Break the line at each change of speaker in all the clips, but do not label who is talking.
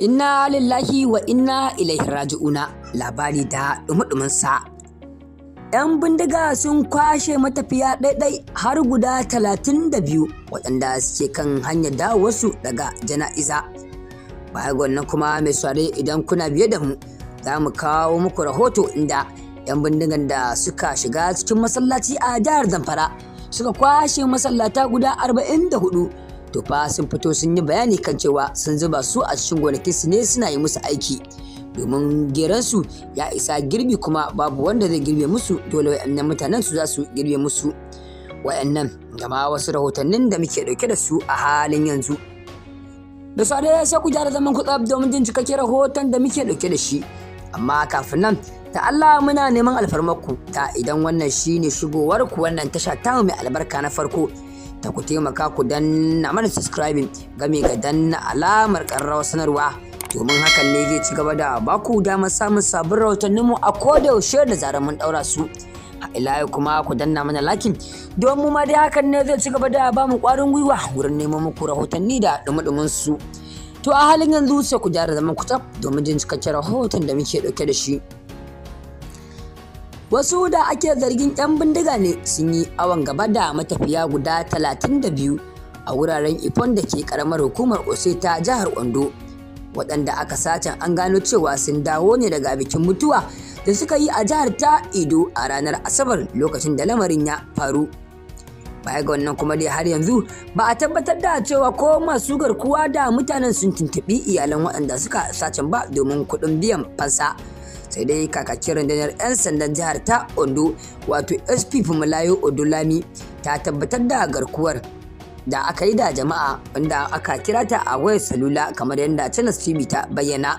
inna lillahi wa inna ilaihi raji'una labari da sa yan bindiga sun kwashe matafiya ɗaiɗai har guda talatin da biyu, waɗanda suke kan hanyar dawowarsu daga jana'iza baya wannan kuma mai sware idan kuna biye da mu za mu kawo muku rahoto inda yan bindigan da suka shiga cikin masallaci a jihar zamfara suka kwashe masallata guda 44 to fa sun fito sun yi bayani kan cewa sun zuba su a cikin su ne suna yi musu aiki domin geran su ya isa girbi kuma babu wanda zai girbe musu dole wayannan mutanen su za su girbe musu wayannan gama wasu rahotannin da muke dauke da su a halin yanzu da su adada sai ku gyara zaman ku tsab domin jin cikakken rahoton da muke dauke da shi amma kafin nan ta Allah muna neman alfarmar ku ta idan wannan shine shigowar ku wannan tasha ta mai albarka na farko da ku taimaka ku danna mana subscribing game ga danna alamar ƙararrawar sanarwa domin hakan ne zai ci gaba da baku damar samun sabbin rahotanninmu a kodayaushe da zarar mun ɗaura su. a ila kuma ku danna mana lakin don mu ma dai hakan ne zai ci gaba da ba mu kwarin gwiwa wurin neman muku rahotanni da dumudumin su to a halin yanzu sai ku gyara zaman ku domin jin cikakken rahoton da muke dauke da shi wasu da ake zargin 'yan bindiga ne sun yi awon gaba da matafiya guda 32 a wuraren ifon da ke karamar hukumar ose ta jihar ondo waɗanda aka sace an gano cewa sun dawo ne daga bikin mutuwa da suka yi a jihar ta ido a ranar asabar lokacin da lamarin ya faru baya ga wannan kuma dai har yanzu ba a tabbatar da cewa ko masu garkuwa da mutanen sun tuntuɓi iyalan waɗanda suka sacen ba domin kuɗin biyan fansa. sai dai kakakin rundunar 'yan sandan jihar ta ondo wato sp fumulayo odulami ta tabbatar da garkuwar da aka yi da jama'a wanda aka kira ta a wayar salula kamar yadda channels tv ta bayyana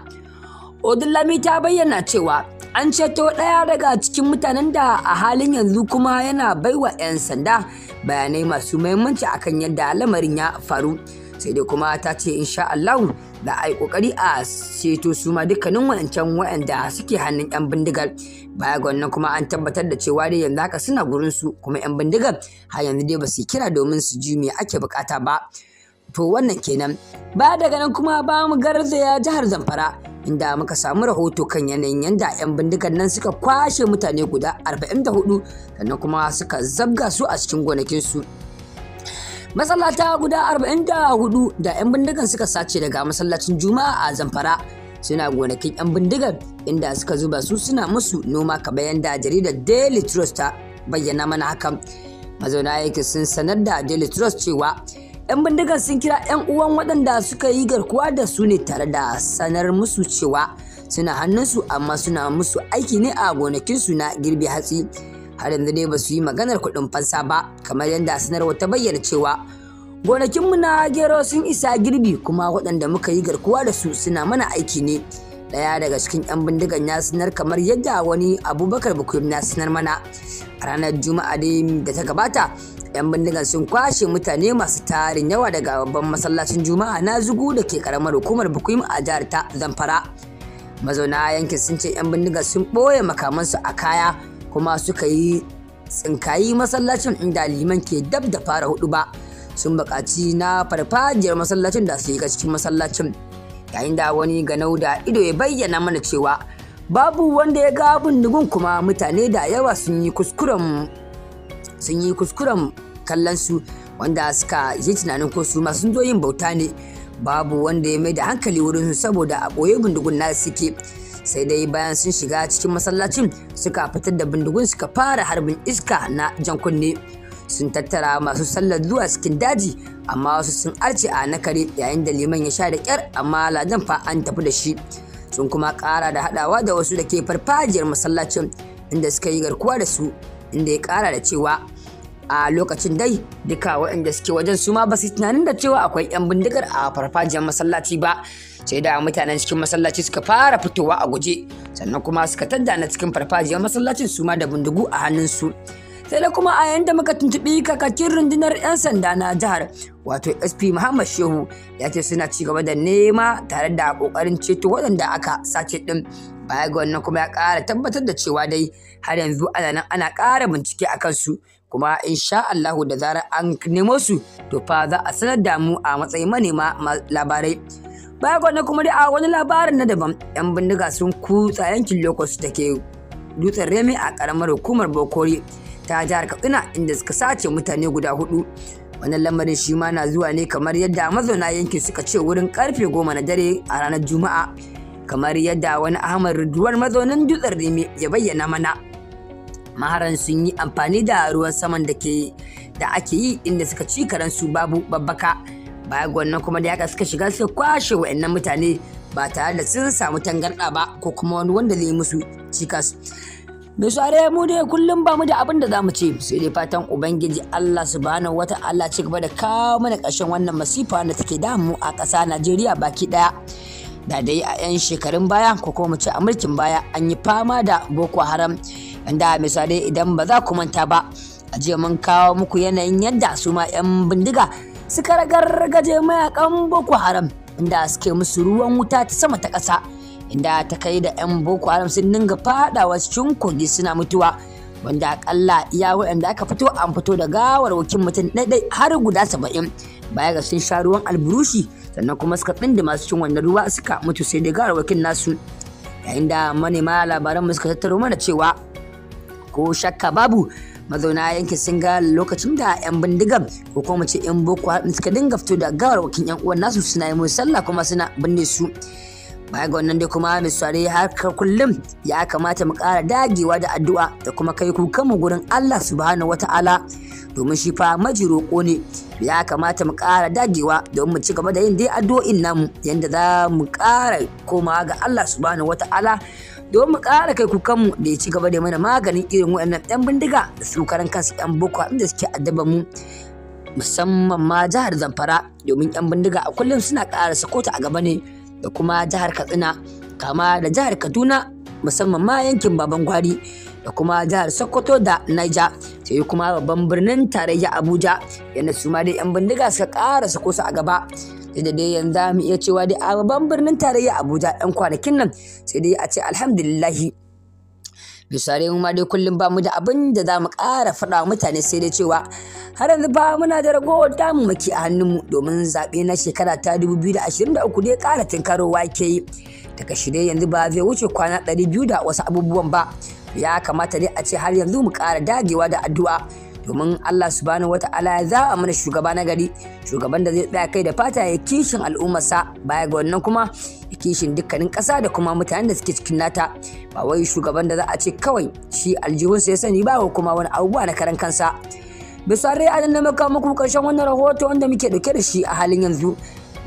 odulami ta bayyana cewa an ceto ɗaya daga cikin mutanen da a halin yanzu kuma yana baiwa 'yan sanda bayanai masu muhimmanci akan yadda lamarin ya faru sai dai kuma ta ce in sha Allah za a yi kokari a ceto su ma dukkanin wayancan wayanda suke hannun yan bindigar baya ga wannan kuma an tabbatar da cewa dai yanzu haka suna gurin su kuma yan bindigar har yanzu dai ba su kira domin su ji me ake bukata ba to wannan kenan ba daga nan kuma ba mu garza ya jihar zamfara inda muka samu rahoto kan yanayin yanda 'yan bindigar nan suka kwashe mutane guda 44 sannan kuma suka zabga su a cikin gonakinsu Masallata guda 44 da 'yan bindigan suka sace daga masallacin juma'a a zamfara suna gonakin 'yan bindigar inda suka zuba su suna musu noma kamar yadda jaridar daily trust ta bayyana mana hakan mazauna yake sun sanar da daily trust cewa 'yan bindigar sun kira 'yan uwan waɗanda suka yi garkuwa da su ne tare da sanar musu cewa suna hannunsu amma suna musu aiki ne a gonakinsu na girbi hatsi har yanzu ne ba su yi maganar kuɗin fansa ba kamar yadda sanarwar ta bayyana cewa gonakinmu na gero sun isa girbi kuma waɗanda muka yi garkuwa da su suna mana aiki ne ɗaya daga cikin 'yan bindigan ya sanar kamar yadda wani abubakar bukurim na sanar mana a ranar juma'a da ta gabata 'yan bindigan sun kwashe mutane masu tarin yawa daga babban masallacin juma'a na zugu da ke karamar hukumar bukurim a jihar ta zamfara mazauna yankin sun ce 'yan bindigan sun ɓoye makamansu a kaya kuma suka yi tsinkayi masallacin inda liman ke dab da fara hudu ba sun bukaci na farfajiyar masallacin da su yi cikin masallacin yayin da wani ganau da ido ya bayyana mana cewa babu wanda ya ga bindigun kuma mutane da yawa sun yi kuskuren sun yi kuskuren kallon su wanda suka yi tunanin ko su ma sun zo yin bauta ne babu wanda ya mai da hankali wurin su saboda a ɓoye bindigun na suke sai dai bayan sun shiga cikin masallacin suka fitar da bindigun suka fara harbin iska na jan kunne sun tattara masu sallar zuwa cikin daji amma wasu sun arce a na kare yayin da liman ya sha da kyar amma ladan fa an tafi da shi sun kuma kara da hadawa da wasu da ke farfajiyar masallacin inda suka yi garkuwa da su inda ya kara da cewa a lokacin dai duka waɗanda suke wajen su ma ba su tunanin da cewa akwai 'yan bindigar a farfajiyar masallaci ba sai da mutanen cikin masallaci suka fara fitowa a guje sannan kuma suka tadda na cikin farfajiyar masallacin su ma da bindigu a hannun su sai da kuma a yanda maka tuntuɓi kakakin rundunar 'yan sanda na jihar wato sp muhammad shehu ya ce suna ci gaba da nema tare da kokarin ceto waɗanda aka sace ɗin baya ga wannan kuma ya ƙara tabbatar da cewa dai har yanzu ana nan ana ƙara bincike a kansu kuma insha Allahu da zarar an nemo su to fa za a sanar da mu a matsayin manema labarai baya ga wannan kuma dai a wani labarin na daban yan bindiga sun kutsa yankin lokacin da ke dutsen remi a ƙaramar hukumar bokori ta jihar katsina inda suka sace mutane guda hudu wani lamarin shi ma na zuwa ne kamar yadda mazauna yankin suka ce wurin karfe goma na dare a ranar juma'a kamar yadda wani ahmad ruduwar mazaunin dutsen rimi ya bayyana mana maharan sun yi amfani da ruwan saman da ke da ake yi inda suka ci karansu babu babbaka baya wannan kuma da yaka suka shiga suka kwashe wa'annan mutane ba tare da sun samu tangarɗa ba ko kuma wani wanda zai musu cikas mai sare mu dai kullum ba mu da abin da za mu ce sai dai fatan ubangiji Allah subhanahu allah ci gaba da kawo mana ƙarshen wannan masifa da take damu a ƙasa Najeriya baki daya da dai a 'yan shekarun baya ko kuma mu ce a mulkin baya an yi fama da boko haram inda misali idan ba za ku manta ba a jiya mun kawo muku yanayin yadda su ma 'yan bindiga suka gaje mayakan boko haram inda suke musu ruwan wuta ta sama ta ƙasa inda ta kai da 'yan boko haram sun dinga fadawa cikin kogi suna mutuwa wanda akalla ya waɗanda aka fito an fito da gawarwakin mutum ɗaiɗai har guda saba'in baya ga sun sha ruwan alburushi sannan kuma suka masu cin wannan ruwa suka mutu sai da gawarwakin nasu yayin da manema labaran mu suka tattaro mana cewa ko shakka babu mazauna yankin sun ga lokacin da 'yan bindigar ko kuma ce 'yan boko haram suka dinga fito da gawar gawarwakin 'yan uwan nasu suna yi musu sallah kuma suna binne su baya ga wannan dai kuma mai saurare kullum ya kamata mu ƙara dagewa da addu'a da kuma kai kukanmu gurin Allah subhanahu wata'ala domin shi fa maji roƙo ne ya kamata mu ƙara dagewa domin mu ci gaba da yin dai addu'o'in namu yanda za mu ƙara komawa ga Allah subhanahu wata'ala domin mu ƙara kai kukanmu da ya ci gaba da mana maganin irin waɗannan 'yan bindiga da su karan kansu 'yan boko inda suke addaba mu musamman ma jihar zamfara domin 'yan bindiga a kullum suna ƙara sakota a gaba ne da kuma jihar katsina kama da jihar kaduna musamman ma yankin baban gwari da kuma jihar sokoto da niger sai kuma babban birnin tarayya abuja yadda su ma dai yan bindiga suka ƙara sako su a gaba sai da dai yanzu mu iya cewa dai a babban birnin tarayya abuja yan kwanakin nan sai dai a ce alhamdulillahi bisare mu ma dai kullum ba mu da abin da za mu ƙara faɗa mutane sai dai cewa har yanzu ba muna da ragowar maki a mu domin zaɓe na shekara ta 2023 dai ƙara tunkarowa ke yi daga shirye yanzu ba zai wuce kwana biyu da wasu abubuwan ba ya kamata ne a ce har yanzu mu ƙara dagewa da addu'a domin Allah subhanahu wata'ala ya zaba mana shugaba na gari shugaban da zai tsaya kai da fata ya kishin al'ummarsa baya ga wannan kuma kishin dukkanin ƙasa da kuma mutanen da suke cikin nata ba wai shugaban da za a ce kawai shi aljihunsa ya sani ba kuma wani abubuwa na karan kansa bisa rai na maka muku karshen wannan rahoto wanda muke dauke da shi a halin yanzu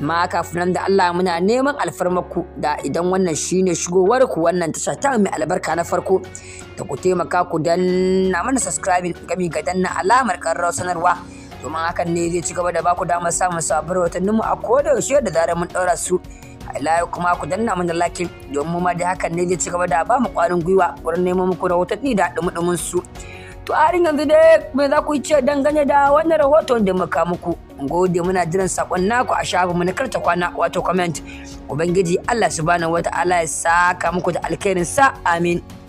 ma kafin nan da Allah muna neman alfarmaku da idan wannan shine shigowar ku wannan tasha ta mai albarka na farko da ku taimaka ku danna mana subscribing gami ga danna alamar karar sanarwa domin hakan ne zai ci gaba da baku damar samun sabbin rahotanninmu a koda yaushe da zarar mun daura su ila kuma ku danna mana lakin domin mu ma da hakan ne zai ci gaba da ba mu kwarin gwiwa wurin neman muku rahotanni da dumudumin su to a yanzu dai me za ku yi ce dangane da wannan rahoton da muka muku gode muna jiran sakon naku a shafin mu na karta kwana wato comment ubangiji Allah subhanahu wataala ya saka muku da alkhairin sa amin